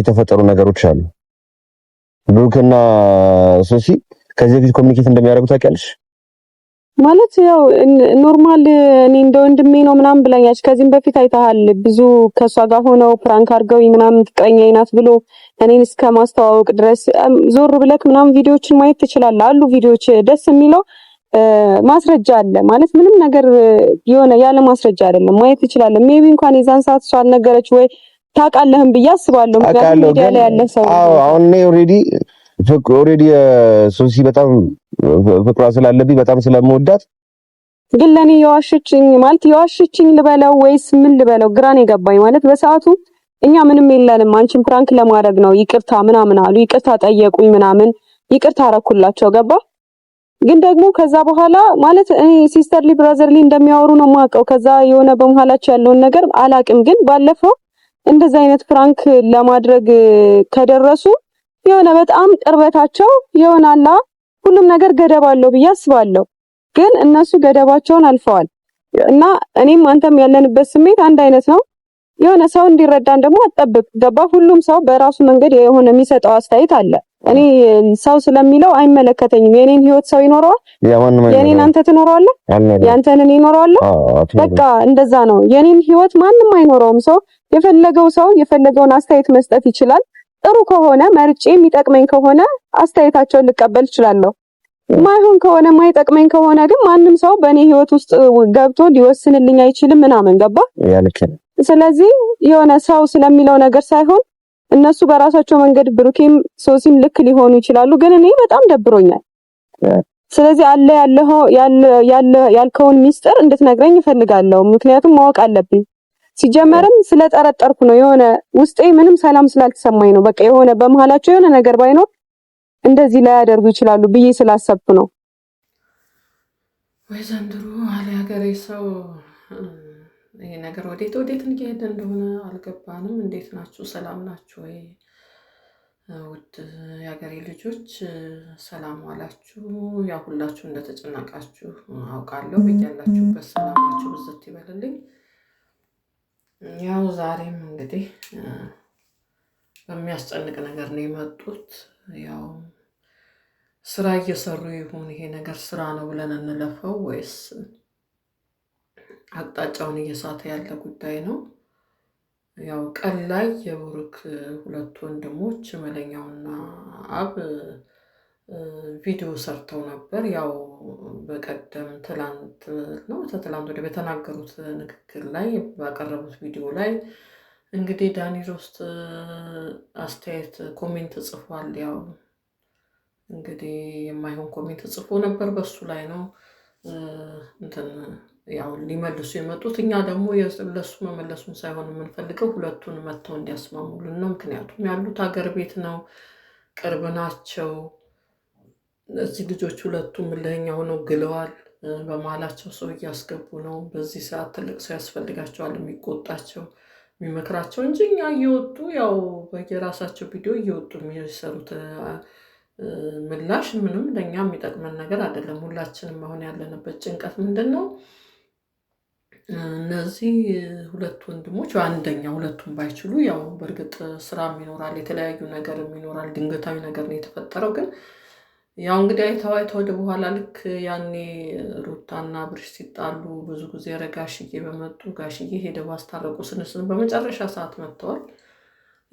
የተፈጠሩ ነገሮች አሉ። ብሩክና ሶሲ ከዚህ በፊት ኮሚኒኬት እንደሚያደርጉ ታውቂያለሽ? ማለት ያው ኖርማል እኔ እንደ ወንድሜ ነው ምናምን ብላኛች። ከዚህም በፊት አይተሃል። ብዙ ከእሷ ጋር ሆነው ፕራንክ አድርገው ምናምን ፍቅረኛ ናት ብሎ እኔን እስከ ማስተዋወቅ ድረስ ዞር ብለክ ምናምን ቪዲዮዎችን ማየት ትችላለህ። አሉ ቪዲዮዎች ደስ የሚለው ማስረጃ አለ ማለት ምንም ነገር የሆነ ያለ ማስረጃ አይደለም። ማየት ትችላለህ። ሜቢ እንኳን የዛን ሰዓት እሷ አልነገረች ወይ ታውቃለህም ብዬ አስባለሁ። ምክንያቱም ሚዲያ ያለ ሰው አሁን እኔ ኦልሬዲ ኦልሬዲ ሶሲ በጣም ፍቅሯ ስላለብኝ በጣም ስለምወዳት ግን ለእኔ የዋሸችኝ ማለት የዋሸችኝ ልበለው ወይስ ምን ልበለው ግራን የገባኝ ማለት በሰዓቱ እኛ ምንም የለንም አንቺን ፕራንክ ለማድረግ ነው ይቅርታ ምናምን አሉ ይቅርታ ጠየቁኝ ምናምን ይቅርታ አረኩላቸው ገባ ግን ደግሞ ከዛ በኋላ ማለት እኔ ሲስተርሊ ብራዘርሊ እንደሚያወሩ ነው የማውቀው ከዛ የሆነ በመሀላቸው ያለውን ነገር አላቅም ግን ባለፈው እንደዚህ አይነት ፍራንክ ለማድረግ ከደረሱ የሆነ በጣም ቅርበታቸው ይሆናላ። ሁሉም ነገር ገደብ አለው ብዬ አስባለሁ። ግን እነሱ ገደባቸውን አልፈዋል እና እኔም አንተም ያለንበት ስሜት አንድ አይነት ነው። የሆነ ሰው እንዲረዳን ደግሞ አጠብቅ ገባ። ሁሉም ሰው በራሱ መንገድ የሆነ የሚሰጠው አስተያየት አለ። እኔ ሰው ስለሚለው አይመለከተኝም። የኔን ህይወት ሰው ይኖረዋል፣ የኔን አንተ ትኖረዋለህ፣ ያንተን እኔ እኖረዋለሁ። በቃ እንደዛ ነው። የኔን ህይወት ማንም አይኖረውም። ሰው የፈለገው ሰው የፈለገውን አስተያየት መስጠት ይችላል። ጥሩ ከሆነ መርጬ የሚጠቅመኝ ከሆነ አስተያየታቸውን ልቀበል እችላለሁ። ማይሆን ከሆነ ማይጠቅመኝ ከሆነ ግን ማንም ሰው በእኔ ህይወት ውስጥ ገብቶ ሊወስንልኝ አይችልም ምናምን ገባ። ስለዚህ የሆነ ሰው ስለሚለው ነገር ሳይሆን እነሱ በራሳቸው መንገድ ብሩኬም ሶሲም ልክ ሊሆኑ ይችላሉ፣ ግን እኔ በጣም ደብሮኛል። ስለዚህ አለ ያልከውን ሚስጥር እንድትነግረኝ እፈልጋለሁ። ምክንያቱም ማወቅ አለብኝ። ሲጀመርም ስለጠረጠርኩ ነው። የሆነ ውስጤ ምንም ሰላም ስላልተሰማኝ ነው። በቃ የሆነ በመሀላቸው የሆነ ነገር ባይኖር እንደዚህ ላያደርጉ ይችላሉ ብዬ ስላሰብኩ ነው። ወይ ዘንድሮ አለ ሀገሬ ሰው ይሄ ነገር ወዴት ወዴት እየሄደ እንደሆነ አልገባንም። እንዴት ናችሁ? ሰላም ናችሁ ወይ? ውድ የሀገሬ ልጆች ሰላም ዋላችሁ። ያ ሁላችሁ እንደተጨናቃችሁ አውቃለሁ። በያላችሁበት ሰላማችሁ ብዝት ይበልልኝ። ያው ዛሬም እንግዲህ በሚያስጨንቅ ነገር ነው የመጡት። ያው ስራ እየሰሩ ይሁን ይሄ ነገር ስራ ነው ብለን እንለፈው ወይስ አቅጣጫውን እየሳተ ያለ ጉዳይ ነው። ያው ቀን ላይ የብሩክ ሁለት ወንድሞች መለኛውና አብ ቪዲዮ ሰርተው ነበር። ያው በቀደም ትላንት ነው ተትላንት ወደ በተናገሩት ንግግር ላይ ባቀረቡት ቪዲዮ ላይ እንግዲህ ዳኒ ሮስት አስተያየት ኮሜንት ጽፏል። ያው እንግዲህ የማይሆን ኮሜንት ጽፎ ነበር። በሱ ላይ ነው እንትን ያው ሊመልሱ የመጡት እኛ ደግሞ ለሱ መመለሱን ሳይሆን የምንፈልገው ሁለቱን መጥተው እንዲያስማሙልን ነው። ምክንያቱም ያሉት ሀገር ቤት ነው፣ ቅርብ ናቸው። እዚህ ልጆች ሁለቱም እልኸኛ ሆነው ግለዋል። በመሀላቸው ሰው እያስገቡ ነው። በዚህ ሰዓት ትልቅ ሰው ያስፈልጋቸዋል የሚቆጣቸው የሚመክራቸው እንጂ እኛ እየወጡ ያው በየራሳቸው ቪዲዮ እየወጡ የሚሰሩት ምላሽ ምንም ለእኛ የሚጠቅመን ነገር አይደለም። ሁላችንም አሁን ያለንበት ጭንቀት ምንድን ነው? እነዚህ ሁለት ወንድሞች አንደኛ ሁለቱም ባይችሉ ያው በእርግጥ ስራም ይኖራል፣ የተለያዩ ነገርም ይኖራል። ድንገታዊ ነገር ነው የተፈጠረው። ግን ያው እንግዲህ አይተው አይተው ወደ በኋላ ልክ ያኔ ሩታና ብርሽ ሲጣሉ ብዙ ጊዜ ኧረ ጋሽዬ በመጡ ጋሽዬ ሄደ አስታረቁ ስንስን በመጨረሻ ሰዓት መጥተዋል።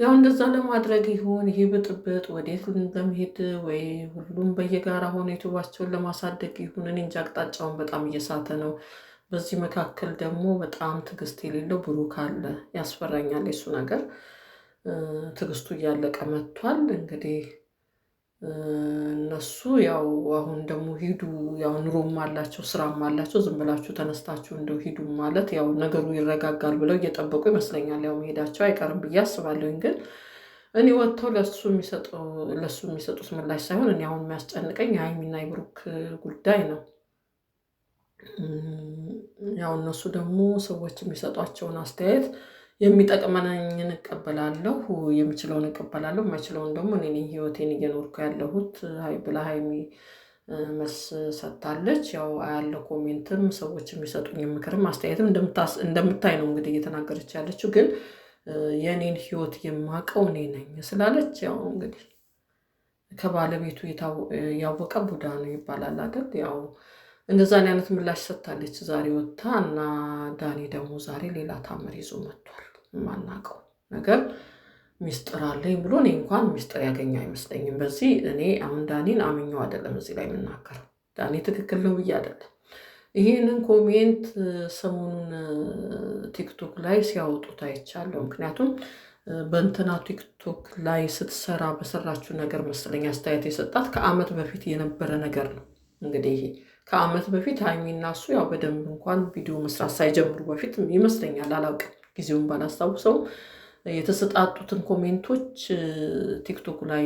ያው እንደዛ ለማድረግ ይሆን ይሄ ብጥብጥ ወዴት ለመሄድ ወይ ሁሉም በየጋራ ሆነ ዩቱባቸውን ለማሳደግ ይሁን እኔ እንጃ። አቅጣጫውን በጣም እየሳተ ነው። በዚህ መካከል ደግሞ በጣም ትዕግስት የሌለው ብሩክ አለ። ያስፈራኛል የሱ ነገር። ትዕግስቱ እያለቀ መጥቷል። እንግዲህ እነሱ ያው አሁን ደግሞ ሂዱ ያው ኑሮም አላቸው ስራም አላቸው። ዝም ብላችሁ ተነስታችሁ እንደው ሂዱ ማለት ያው ነገሩ ይረጋጋል ብለው እየጠበቁ ይመስለኛል። ያው መሄዳቸው አይቀርም ብዬ አስባለሁኝ። ግን እኔ ወጥተው ለሱ የሚሰጡት ምላሽ ሳይሆን እኔ አሁን የሚያስጨንቀኝ የሀይሚና የብሩክ ጉዳይ ነው። ያው እነሱ ደግሞ ሰዎች የሚሰጧቸውን አስተያየት የሚጠቅመኝን እቀበላለሁ፣ የምችለውን እቀበላለሁ፣ የማይችለውን ደግሞ እኔ ህይወቴን እየኖርኩ ያለሁት ብላ ሀይሚ መልስ ሰጥታለች። ያው አያለው ኮሜንትም ሰዎች የሚሰጡኝ የምክርም አስተያየትም እንደምታይ ነው እንግዲህ እየተናገረች ያለችው። ግን የእኔን ህይወት የማውቀው እኔ ነኝ ስላለች ያው እንግዲህ ከባለቤቱ ያወቀ ቡዳ ነው ይባላል አይደል? ያው እንደዛን አይነት ምላሽ ሰጥታለች ዛሬ ወጥታ እና ዳኒ ደግሞ ዛሬ ሌላ ታምር ይዞ መጥቷል። የማናውቀው ነገር ሚስጥር አለኝ ብሎ እኔ እንኳን ሚስጥር ያገኘ አይመስለኝም። በዚህ እኔ አሁን ዳኒን አምኘው አይደለም እዚህ ላይ የምናገረው ዳኒ ትክክል ነው ብዬ አይደለም። ይህንን ኮሜንት ሰሞኑን ቲክቶክ ላይ ሲያወጡት አይቻለሁ። ምክንያቱም በእንትና ቲክቶክ ላይ ስትሰራ በሰራችው ነገር መሰለኝ አስተያየት የሰጣት ከአመት በፊት የነበረ ነገር ነው እንግዲህ ከአመት በፊት ሀይሚ እና እሱ ያው በደንብ እንኳን ቪዲዮ መስራት ሳይጀምሩ በፊት ይመስለኛል፣ አላውቅም፣ ጊዜውን ባላስታውሰው የተሰጣጡትን ኮሜንቶች ቲክቶክ ላይ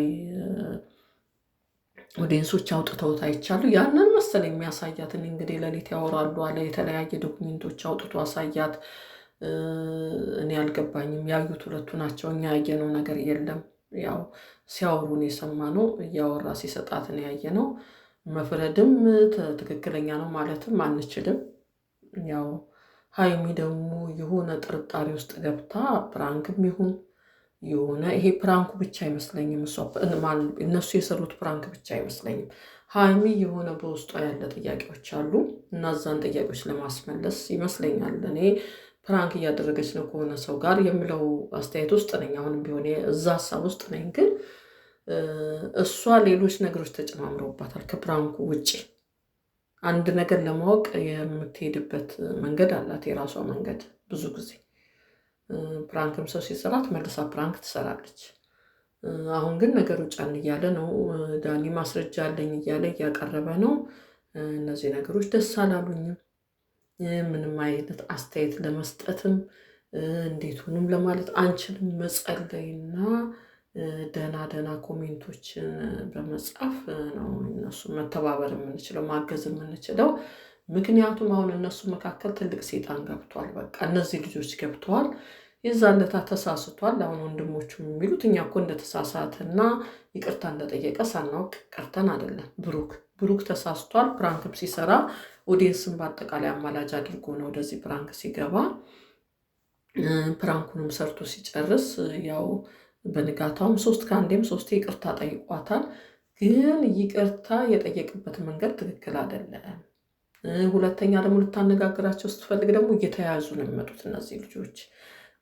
ኦዲየንሶች አውጥተውት አይቻሉ። ያንን መሰል የሚያሳያትን እንግዲህ ሌሊት ያወራሉ አለ። የተለያየ ዶክሜንቶች አውጥቶ አሳያት። እኔ አልገባኝም። ያዩት ሁለቱ ናቸው። እኛ ያየነው ነገር የለም። ያው ሲያወሩን ነው። እያወራ ሲሰጣትን ያየ ነው። መፍረድም ትክክለኛ ነው ማለትም አንችልም። ያው ሀይሚ ደግሞ የሆነ ጥርጣሬ ውስጥ ገብታ ፕራንክም ይሁን የሆነ ይሄ ፕራንኩ ብቻ አይመስለኝም። እነሱ የሰሩት ፕራንክ ብቻ አይመስለኝም። ሀይሚ የሆነ በውስጧ ያለ ጥያቄዎች አሉ እና እዛን ጥያቄዎች ለማስመለስ ይመስለኛል እኔ ፕራንክ እያደረገች ነው ከሆነ ሰው ጋር የሚለው አስተያየት ውስጥ ነኝ። አሁንም ቢሆን እዛ ሀሳብ ውስጥ ነኝ ግን እሷ ሌሎች ነገሮች ተጨማምረውባታል። ከፕራንኩ ውጭ አንድ ነገር ለማወቅ የምትሄድበት መንገድ አላት፣ የራሷ መንገድ። ብዙ ጊዜ ፕራንክም ሰው ሲሰራ መልሳ ፕራንክ ትሰራለች። አሁን ግን ነገሩ ጫን እያለ ነው። ዳኒ ማስረጃ አለኝ እያለ እያቀረበ ነው። እነዚህ ነገሮች ደስ አላሉኝም። ምንም አይነት አስተያየት ለመስጠትም እንዴት ሆኑም ለማለት አንችልም። መጸለይና ደህና ደህና ኮሜንቶችን በመጻፍ ነው እነሱ መተባበር የምንችለው ማገዝ የምንችለው። ምክንያቱም አሁን እነሱ መካከል ትልቅ ሴጣን ገብቷል። በቃ እነዚህ ልጆች ገብተዋል። የዛን ለታ ተሳስቷል። አሁን ወንድሞቹ የሚሉት እኛ እኮ እንደተሳሳተና ይቅርታ እንደጠየቀ ሳናውቅ ቀርተን አይደለም። ብሩክ ብሩክ ተሳስቷል። ፕራንክም ሲሰራ ኦዲየንስን በአጠቃላይ አማላጅ አድርጎ ነው ወደዚህ ፕራንክ ሲገባ። ፕራንኩንም ሰርቶ ሲጨርስ ያው በንጋታውም ሶስት ከአንዴም ሶስቴ ይቅርታ ጠይቋታል። ግን ይቅርታ የጠየቅበት መንገድ ትክክል አይደለም። ሁለተኛ ደግሞ ልታነጋግራቸው ስትፈልግ ደግሞ እየተያዙ ነው የሚመጡት እነዚህ ልጆች።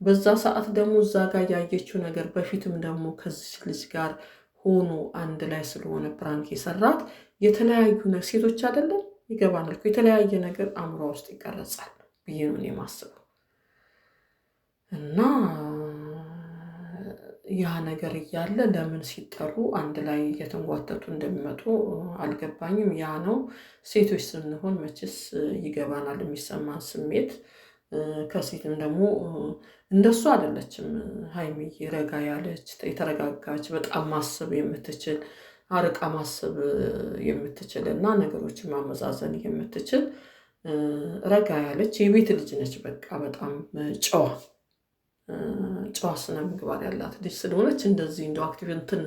በዛ ሰዓት ደግሞ እዛ ጋር ያየችው ነገር በፊትም ደግሞ ከዚች ልጅ ጋር ሆኖ አንድ ላይ ስለሆነ ፕራንክ የሰራት የተለያዩ ሴቶች አይደለም ይገባናል። የተለያየ ነገር አእምሮ ውስጥ ይቀረጻል ብዬ ነው የማስበው እና ያ ነገር እያለ ለምን ሲጠሩ አንድ ላይ እየተንጓተቱ እንደሚመጡ አልገባኝም። ያ ነው ሴቶች ስንሆን መቼስ ይገባናል የሚሰማን ስሜት። ከሴትም ደግሞ እንደሱ አይደለችም ሀይሚዬ፣ ረጋ ያለች የተረጋጋች፣ በጣም ማሰብ የምትችል አርቃ ማሰብ የምትችል እና ነገሮችን ማመዛዘን የምትችል ረጋ ያለች የቤት ልጅ ነች። በቃ በጣም ጨዋ ጨዋ ስነ ምግባር ያላት ልጅ ስለሆነች እንደዚህ እንደ አክቲቭ እንትን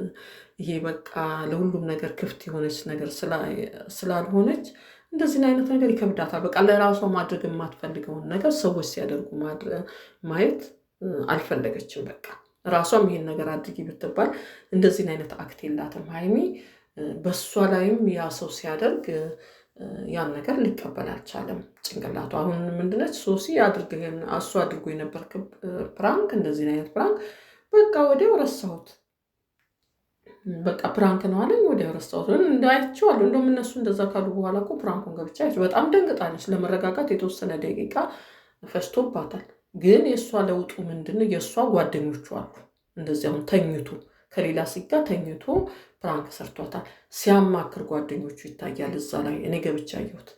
ይሄ በቃ ለሁሉም ነገር ክፍት የሆነች ነገር ስላልሆነች እንደዚህን አይነት ነገር ይከብዳታል። በቃ ለራሷ ማድረግ የማትፈልገውን ነገር ሰዎች ሲያደርጉ ማየት አልፈለገችም። በቃ ራሷም ይሄን ነገር አድርጊ ብትባል እንደዚህን አይነት አክት የላትም ሀይሚ። በእሷ ላይም ያ ሰው ሲያደርግ ያን ነገር ሊቀበል አልቻለም ጭንቅላቱ። አሁን ምንድነች ሶሲ እሱ አድርጎ የነበር ፕራንክ፣ እንደዚህ አይነት ፕራንክ በቃ ወዲያው ረሳሁት። በቃ ፕራንክ ነው አለኝ፣ ወዲያው ረሳሁት። እንዳያቸዋለሁ እንደውም እነሱ እንደዛ ካሉ በኋላ እኮ ፕራንኩን ገብቻ በጣም ደንግጣለች። ለመረጋጋት የተወሰነ ደቂቃ ፈጅቶባታል። ግን የእሷ ለውጡ ምንድን ነው? የእሷ ጓደኞቹ አሉ እንደዚህ አሁን ተኝቶ ከሌላ ሲጋ ተኝቶ ፕራንክ ሰርቷታል። ሲያማክር ጓደኞቹ ይታያል እዛ ላይ እኔ ገብቼ አየሁት።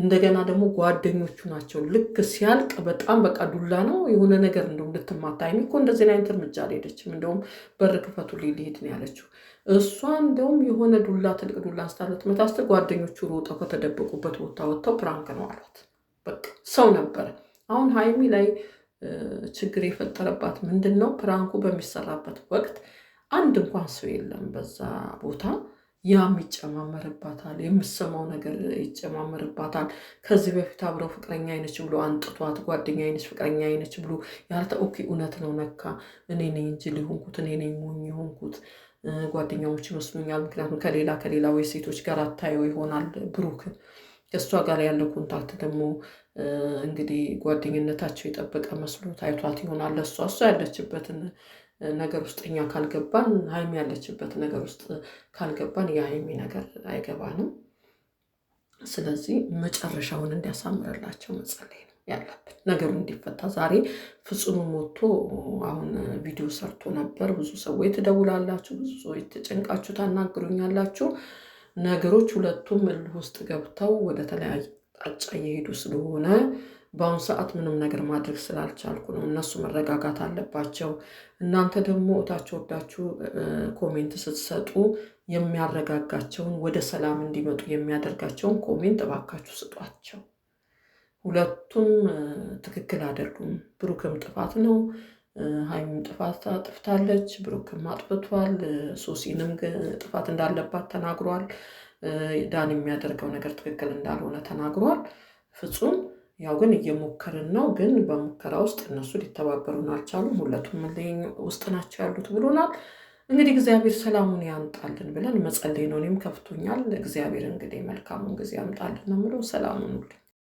እንደገና ደግሞ ጓደኞቹ ናቸው ልክ ሲያልቅ በጣም በቃ ዱላ ነው የሆነ ነገር እንደውም ልትማታ ሀይሚ እኮ እንደዚህ አይነት እርምጃ አልሄደችም። እንደውም በር ክፈቱ ሊሄድ ነው ያለችው እሷ። እንደውም የሆነ ዱላ ትልቅ ዱላ አንስታለት መታስተ ጓደኞቹ ሮጠው ከተደበቁበት ቦታ ወጥተው ፕራንክ ነው አሏት። በቃ ሰው ነበረ። አሁን ሀይሚ ላይ ችግር የፈጠረባት ምንድን ነው ፕራንኩ በሚሰራበት ወቅት አንድ እንኳን ሰው የለም በዛ ቦታ። ያም ይጨማመርባታል፣ የምሰማው ነገር ይጨማመርባታል። ከዚህ በፊት አብረው ፍቅረኛ አይነች ብሎ አንጥቷት ጓደኛ አይነች ፍቅረኛ አይነች ብሎ ያልተ ኦኬ እውነት ነው ነካ እኔ ነኝ እንጂ ሊሆንኩት እኔ ነኝ ሞኝ የሆንኩት ጓደኛዎች ይመስሉኛል። ምክንያቱም ከሌላ ከሌላ ወይ ሴቶች ጋር አታየው ይሆናል ብሩክ ከእሷ ጋር ያለው ኮንታክት ደግሞ እንግዲህ ጓደኝነታቸው የጠበቀ መስሎት አይቷት ይሆናል። እሷ እሷ ያለችበትን ነገር ውስጥ እኛ ካልገባን ሀይሚ ያለችበት ነገር ውስጥ ካልገባን የሀይሚ ነገር አይገባንም። ስለዚህ መጨረሻውን እንዲያሳምርላቸው መጸለይ ነው ያለብን፣ ነገሩ እንዲፈታ። ዛሬ ፍጹም ሞቶ አሁን ቪዲዮ ሰርቶ ነበር። ብዙ ሰዎች ትደውላላችሁ፣ ብዙ ሰዎች ተጨንቃችሁ ታናግሩኛላችሁ። ነገሮች ሁለቱም እልህ ውስጥ ገብተው ወደ ተለያየ አቅጣጫ እየሄዱ ስለሆነ በአሁኑ ሰዓት ምንም ነገር ማድረግ ስላልቻልኩ ነው። እነሱ መረጋጋት አለባቸው። እናንተ ደግሞ እታች ወዳችሁ ኮሜንት ስትሰጡ የሚያረጋጋቸውን ወደ ሰላም እንዲመጡ የሚያደርጋቸውን ኮሜንት እባካችሁ ስጧቸው። ሁለቱም ትክክል አይደሉም። ብሩክም ጥፋት ነው፣ ሀይሚም ጥፋት አጥፍታለች፣ ብሩክም አጥፍቷል። ሶሲንም ጥፋት እንዳለባት ተናግሯል። ዳን የሚያደርገው ነገር ትክክል እንዳልሆነ ተናግሯል። ፍጹም ያው ግን እየሞከርን ነው። ግን በሙከራ ውስጥ እነሱ ሊተባበሩን አልቻሉም። ሁለቱም ልኝ ውስጥ ናቸው ያሉት ብሎናል። እንግዲህ እግዚአብሔር ሰላሙን ያምጣልን ብለን መጸለይ ነው። እኔም ከፍቶኛል። እግዚአብሔር እንግዲህ መልካሙን ጊዜ ያምጣልን ነው የምለው። ሰላሙን ሁሉ